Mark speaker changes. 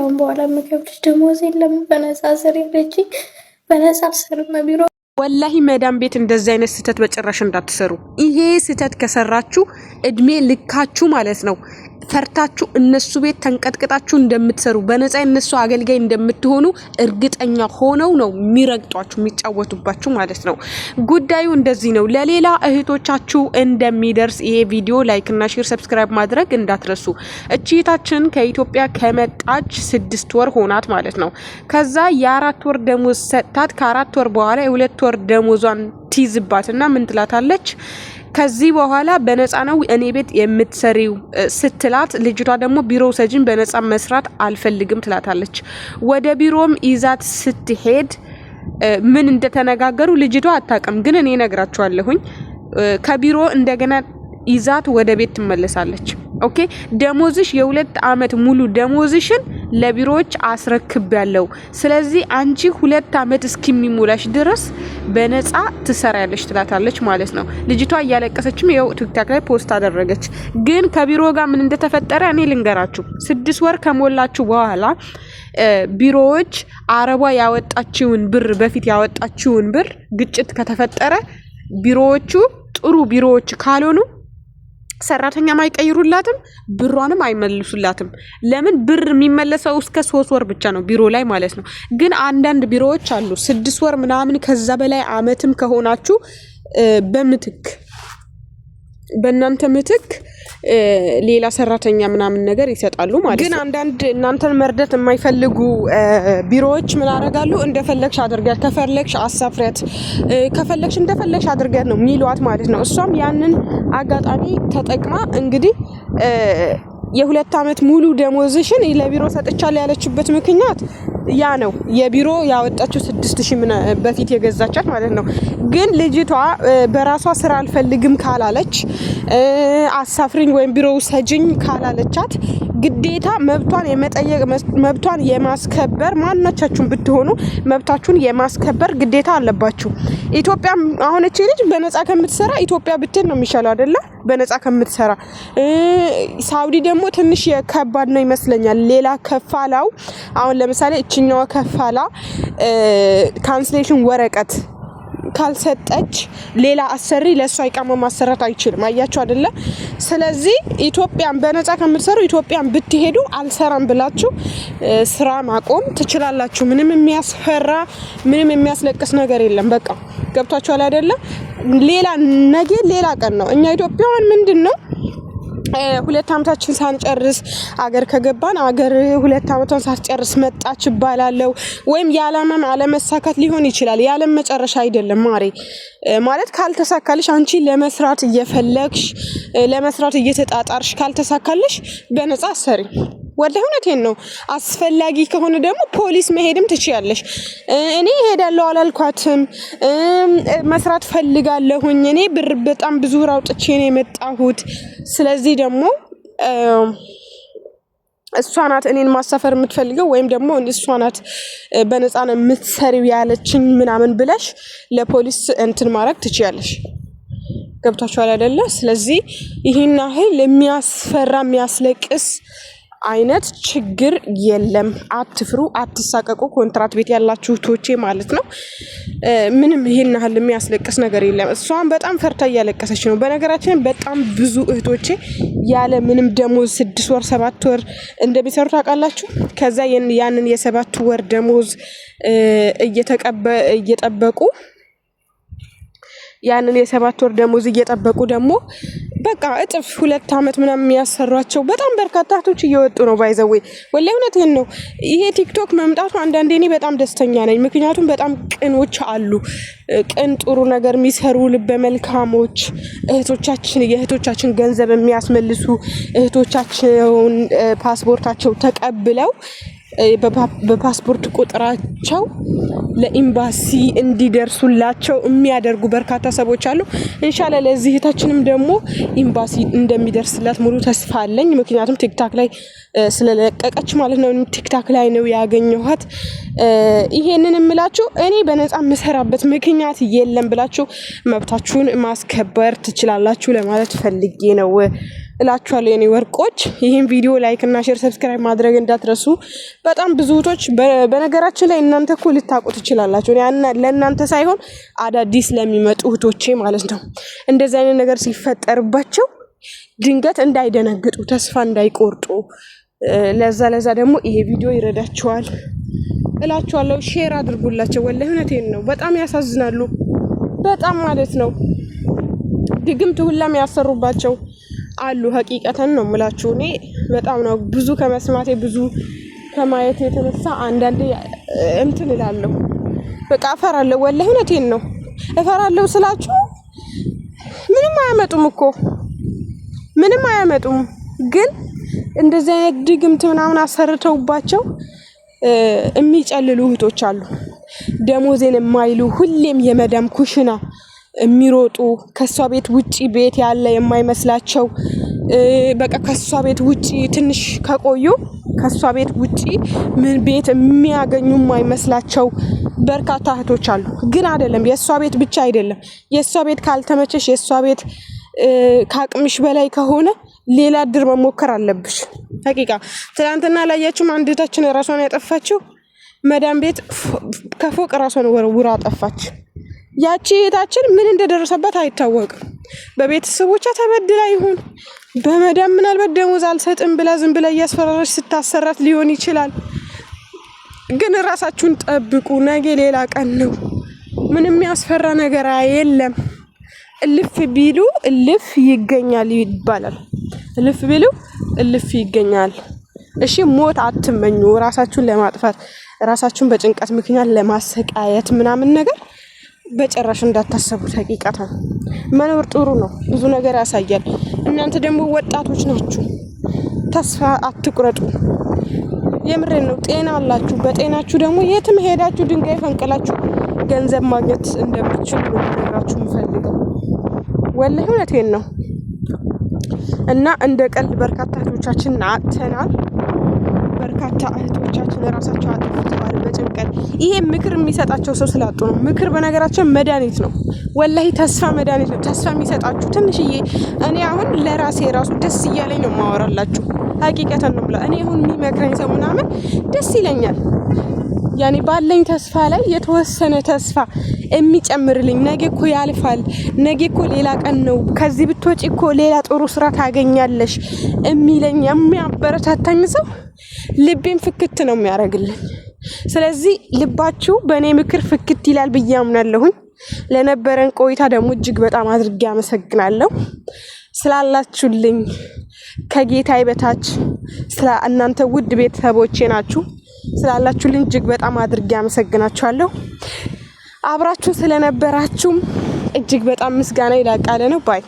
Speaker 1: አሁን በኋላ የምከፍልሽ ደሞዝ የለም በነፃ ስር ያለችኝ በነፃ ስር መቢሮ ወላሂ መዳም ቤት እንደዚህ አይነት ስህተት በጭራሽ እንዳትሰሩ። ይሄ ስህተት ከሰራችሁ እድሜ ልካችሁ ማለት ነው ፈርታችሁ እነሱ ቤት ተንቀጥቅጣችሁ እንደምትሰሩ በነፃ እነሱ አገልጋይ እንደምትሆኑ እርግጠኛ ሆነው ነው የሚረግጧችሁ የሚጫወቱባችሁ ማለት ነው። ጉዳዩ እንደዚህ ነው። ለሌላ እህቶቻችሁ እንደሚደርስ ይሄ ቪዲዮ ላይክ እና ሼር ሰብስክራይብ ማድረግ እንዳትረሱ። እችታችን ከኢትዮጵያ ከመጣች ስድስት ወር ሆናት ማለት ነው። ከዛ የአራት ወር ደሞዝ ሰጥታት ከአራት ወር በኋላ የሁለት ወር ደሞዟን ትይዝባት እና ምን ትላታለች? ከዚህ በኋላ በነፃ ነው እኔ ቤት የምትሰሪው ስትላት፣ ልጅቷ ደግሞ ቢሮ ሰጅን በነፃ መስራት አልፈልግም ትላታለች። ወደ ቢሮም ይዛት ስትሄድ ምን እንደተነጋገሩ ልጅቷ አታውቅም፣ ግን እኔ ነግራቸዋለሁኝ። ከቢሮ እንደገና ይዛት ወደ ቤት ትመለሳለች። ኦኬ ደሞዝሽ የሁለት አመት ሙሉ ደሞዝሽን ለቢሮዎች አስረክብ ያለው ስለዚህ አንቺ ሁለት አመት እስኪሚሙላሽ ድረስ በነጻ ትሰሪያለሽ ትላታለች ማለት ነው። ልጅቷ እያለቀሰችም ይኸው ቲክታክ ላይ ፖስት አደረገች። ግን ከቢሮ ጋር ምን እንደተፈጠረ እኔ ልንገራችሁ። ስድስት ወር ከሞላችሁ በኋላ ቢሮዎች አረቧ ያወጣችውን ብር በፊት ያወጣችውን ብር ግጭት ከተፈጠረ ቢሮዎቹ ጥሩ ቢሮዎች ካልሆኑ ሰራተኛም አይቀይሩላትም፣ ብሯንም አይመልሱላትም። ለምን ብር የሚመለሰው እስከ ሶስት ወር ብቻ ነው ቢሮ ላይ ማለት ነው። ግን አንዳንድ ቢሮዎች አሉ ስድስት ወር ምናምን ከዛ በላይ አመትም ከሆናችሁ በምትክ በእናንተ ምትክ ሌላ ሰራተኛ ምናምን ነገር ይሰጣሉ ማለት ነው። ግን
Speaker 2: አንዳንድ እናንተን መርደት የማይፈልጉ ቢሮዎች ምን አደርጋሉ፣ እንደፈለግሽ አድርገት፣ ከፈለግሽ አሳፍረት፣ ከፈለግሽ እንደፈለግሽ አድርገት ነው ሚሏት ማለት ነው። እሷም ያንን አጋጣሚ ተጠቅማ እንግዲህ የሁለት ዓመት ሙሉ ደሞዝሽን ለቢሮ ሰጥቻለሁ ያለችበት ምክንያት ያ ነው የቢሮ ያወጣችው ስድስት ሺህ በፊት የገዛቻት ማለት ነው። ግን ልጅቷ በራሷ ስራ አልፈልግም ካላለች አሳፍሪኝ ወይም ቢሮ ውሰጅኝ ካላለቻት ግዴታ መብቷን የመጠየቅ መብቷን የማስከበር ማናቻችሁን ብትሆኑ መብታችሁን የማስከበር ግዴታ አለባችሁ። ኢትዮጵያ አሁን እቺ ልጅ በነፃ ከምትሰራ ኢትዮጵያ ብትል ነው የሚሻለው አይደለ? በነፃ ከምትሰራ ሳውዲ ደግሞ ትንሽ የከባድ ነው ይመስለኛል። ሌላ ከፋላው አሁን ለምሳሌ ያችኛዋ ከፋላ ካንስሌሽን ወረቀት ካልሰጠች ሌላ አሰሪ ለእሷ ይቃማ ማሰራት አይችልም። አያችሁ አይደለ? ስለዚህ ኢትዮጵያን በነጻ ከምትሰሩ ኢትዮጵያን ብትሄዱ አልሰራም ብላችሁ ስራ ማቆም ትችላላችሁ። ምንም የሚያስፈራ ምንም የሚያስለቅስ ነገር የለም። በቃ ገብቷችኋል አይደለ? ሌላ ነገ ሌላ ቀን ነው። እኛ ኢትዮጵያውያን ምንድን ነው ሁለት ዓመታችን ሳንጨርስ አገር ከገባን አገር ሁለት ዓመቷን ሳትጨርስ መጣች ይባላለው። ወይም የዓላማም አለመሳካት ሊሆን ይችላል። የዓለም መጨረሻ አይደለም ማሬ። ማለት ካልተሳካልሽ አንቺ ለመስራት እየፈለግሽ ለመስራት እየተጣጣርሽ ካልተሳካልሽ በነጻ ሰሪ ወላሂ እውነቴን ነው። አስፈላጊ ከሆነ ደግሞ ፖሊስ መሄድም ትችያለሽ። እኔ እሄዳለሁ አላልኳትም። መስራት ፈልጋለሁኝ። እኔ ብር በጣም ብዙ ራውጥቼ ነው የመጣሁት። ስለዚህ ደግሞ እሷ ናት እኔን ማሳፈር የምትፈልገው ወይም ደግሞ እሷ ናት በነፃ ነው የምትሰሪው ያለችኝ ምናምን ብለሽ ለፖሊስ እንትን ማድረግ ትችያለሽ። ገብታችኋል አይደለ? ስለዚህ ይህን ያህል የሚያስፈራ የሚያስለቅስ አይነት ችግር የለም። አትፍሩ፣ አትሳቀቁ። ኮንትራት ቤት ያላችሁ ቶቼ ማለት ነው። ምንም ይሄን ያህል የሚያስለቅስ ነገር የለም። እሷን በጣም ፈርታ እያለቀሰች ነው። በነገራችን በጣም ብዙ እህቶቼ ያለ ምንም ደሞዝ ስድስት ወር ሰባት ወር እንደሚሰሩ ታውቃላችሁ። ከዛ ያንን የሰባት ወር ደሞዝ እየጠበቁ ያንን የሰባት ወር ደሞዝ እየጠበቁ ደግሞ በቃ እጥፍ ሁለት አመት ምናምን የሚያሰሯቸው በጣም በርካታ እህቶች እየወጡ ነው። ባይዘዌ ወላሂ እውነትህን ነው። ይሄ ቲክቶክ መምጣቱ አንዳንዴ እኔ በጣም ደስተኛ ነኝ። ምክንያቱም በጣም ቅኖች አሉ፣ ቅን ጥሩ ነገር የሚሰሩ ልበ መልካሞች እህቶቻችን የእህቶቻችን ገንዘብ የሚያስመልሱ እህቶቻቸውን ፓስፖርታቸው ተቀብለው በፓስፖርት ቁጥራቸው ለኤምባሲ እንዲደርሱላቸው የሚያደርጉ በርካታ ሰዎች አሉ። እንሻላ ለዚህ እህታችንም ደግሞ ኤምባሲ እንደሚደርስላት ሙሉ ተስፋ አለኝ። ምክንያቱም ቲክታክ ላይ ስለለቀቀች ማለት ነው። ቲክታክ ላይ ነው ያገኘኋት። ይሄንን የምላችሁ እኔ በነፃ የምሰራበት ምክንያት የለም ብላችሁ መብታችሁን ማስከበር ትችላላችሁ ለማለት ፈልጌ ነው። እላችኋለሁ የኔ ወርቆች። ይህን ቪዲዮ ላይክ እና ሼር፣ ሰብስክራይብ ማድረግ እንዳትረሱ። በጣም ብዙ እህቶች በነገራችን ላይ እናንተ እኮ ልታውቁ ትችላላችሁ፣ ለእናንተ ሳይሆን አዳዲስ ለሚመጡ እህቶቼ ማለት ነው። እንደዚህ አይነት ነገር ሲፈጠርባቸው ድንገት እንዳይደነግጡ፣ ተስፋ እንዳይቆርጡ፣ ለዛ ለዛ ደግሞ ይሄ ቪዲዮ ይረዳችኋል እላችኋለሁ። ሼር አድርጉላቸው። ወላሂ እውነቴን ነው። በጣም ያሳዝናሉ። በጣም ማለት ነው ድግምት ሁላም ያሰሩባቸው አሉ። ሀቂቀተን ነው የምላችሁ። እኔ በጣም ነው ብዙ ከመስማቴ ብዙ ከማየት የተነሳ አንዳንዴ እንትን እላለሁ፣ በቃ እፈራለሁ። ወላሂ እውነቴን ነው እፈራለሁ ስላችሁ ምንም አያመጡም እኮ ምንም አያመጡም። ግን እንደዚህ አይነት ድግምት ምናምን አሰርተውባቸው የሚጨልሉ እህቶች አሉ። ደሞዜን የማይሉ ሁሌም የመዳም ኩሽና የሚሮጡ ከእሷ ቤት ውጪ ቤት ያለ የማይመስላቸው በቃ ከእሷ ቤት ውጪ ትንሽ ከቆዩ ከእሷ ቤት ውጪ ምን ቤት የሚያገኙ የማይመስላቸው በርካታ እህቶች አሉ። ግን አይደለም የእሷ ቤት ብቻ አይደለም። የእሷ ቤት ካልተመቸሽ፣ የእሷ ቤት ከአቅምሽ በላይ ከሆነ ሌላ እድር መሞከር አለብሽ። ሀቂቃ ትናንትና ላያችሁም አንድ እህታችን ራሷን ያጠፋችው መዳም ቤት ከፎቅ ራሷን ወርውራ አጠፋች። ያቺ እህታችን ምን እንደደረሰባት አይታወቅም። በቤተሰቦቿ ተበድላ ይሁን በመዳም ምናልባት ደሞዝ አልሰጥም ብላ ዝም ብላ እያስፈራረች ስታሰራት ሊሆን ይችላል። ግን ራሳችሁን ጠብቁ፣ ነገ ሌላ ቀን ነው። ምንም የሚያስፈራ ነገር የለም። እልፍ ቢሉ እልፍ ይገኛል ይባላል። እልፍ ቢሉ እልፍ ይገኛል። እሺ ሞት አትመኙ። ራሳችሁን ለማጥፋት ራሳችሁን በጭንቀት ምክንያት ለማሰቃየት ምናምን ነገር በጭራሽ እንዳታሰቡት። ሀቂቃታ መኖር ጥሩ ነው፣ ብዙ ነገር ያሳያል። እናንተ ደግሞ ወጣቶች ናችሁ፣ ተስፋ አትቁረጡ። የምሬ ነው። ጤና አላችሁ፣ በጤናችሁ ደግሞ የትም ሄዳችሁ ድንጋይ ፈንቅላችሁ ገንዘብ ማግኘት እንደምትችሉ ነገራችሁ የምፈልገው ወላሂ እውነቴን ነው እና እንደ ቀልድ በርካታ አጥተናል። በርካታ እህቶቻችን ራሳቸው አጥፍተዋል በጭንቀት ይሄ ምክር የሚሰጣቸው ሰው ስላጡ ነው። ምክር በነገራችን መድኃኒት ነው። ወላሂ ተስፋ መድኃኒት ነው። ተስፋ የሚሰጣችሁ ትንሽዬ እኔ አሁን ለራሴ ራሱ ደስ እያለኝ ነው ማወራላችሁ ሀቂቀተን ነው ብላ እኔ አሁን የሚመክረኝ ሰው ምናምን ደስ ይለኛል። ያኔ ባለኝ ተስፋ ላይ የተወሰነ ተስፋ የሚጨምርልኝ። ነገ እኮ ያልፋል፣ ነገ እኮ ሌላ ቀን ነው፣ ከዚህ ብትወጪ እኮ ሌላ ጥሩ ስራ ታገኛለሽ የሚለኝ የሚያበረታታኝ ሰው ልቤን ፍክት ነው የሚያደርግልኝ። ስለዚህ ልባችሁ በእኔ ምክር ፍክት ይላል ብዬ አምናለሁኝ። ለነበረን ቆይታ ደግሞ እጅግ በጣም አድርጌ አመሰግናለሁ። ስላላችሁልኝ ከጌታዬ በታች ስለ እናንተ ውድ ቤተሰቦቼ ናችሁ። ስላላችሁልኝ እጅግ በጣም አድርጌ አመሰግናችኋለሁ። አብራችሁ ስለነበራችሁም እጅግ በጣም ምስጋና ይላቃለ ነው ባይ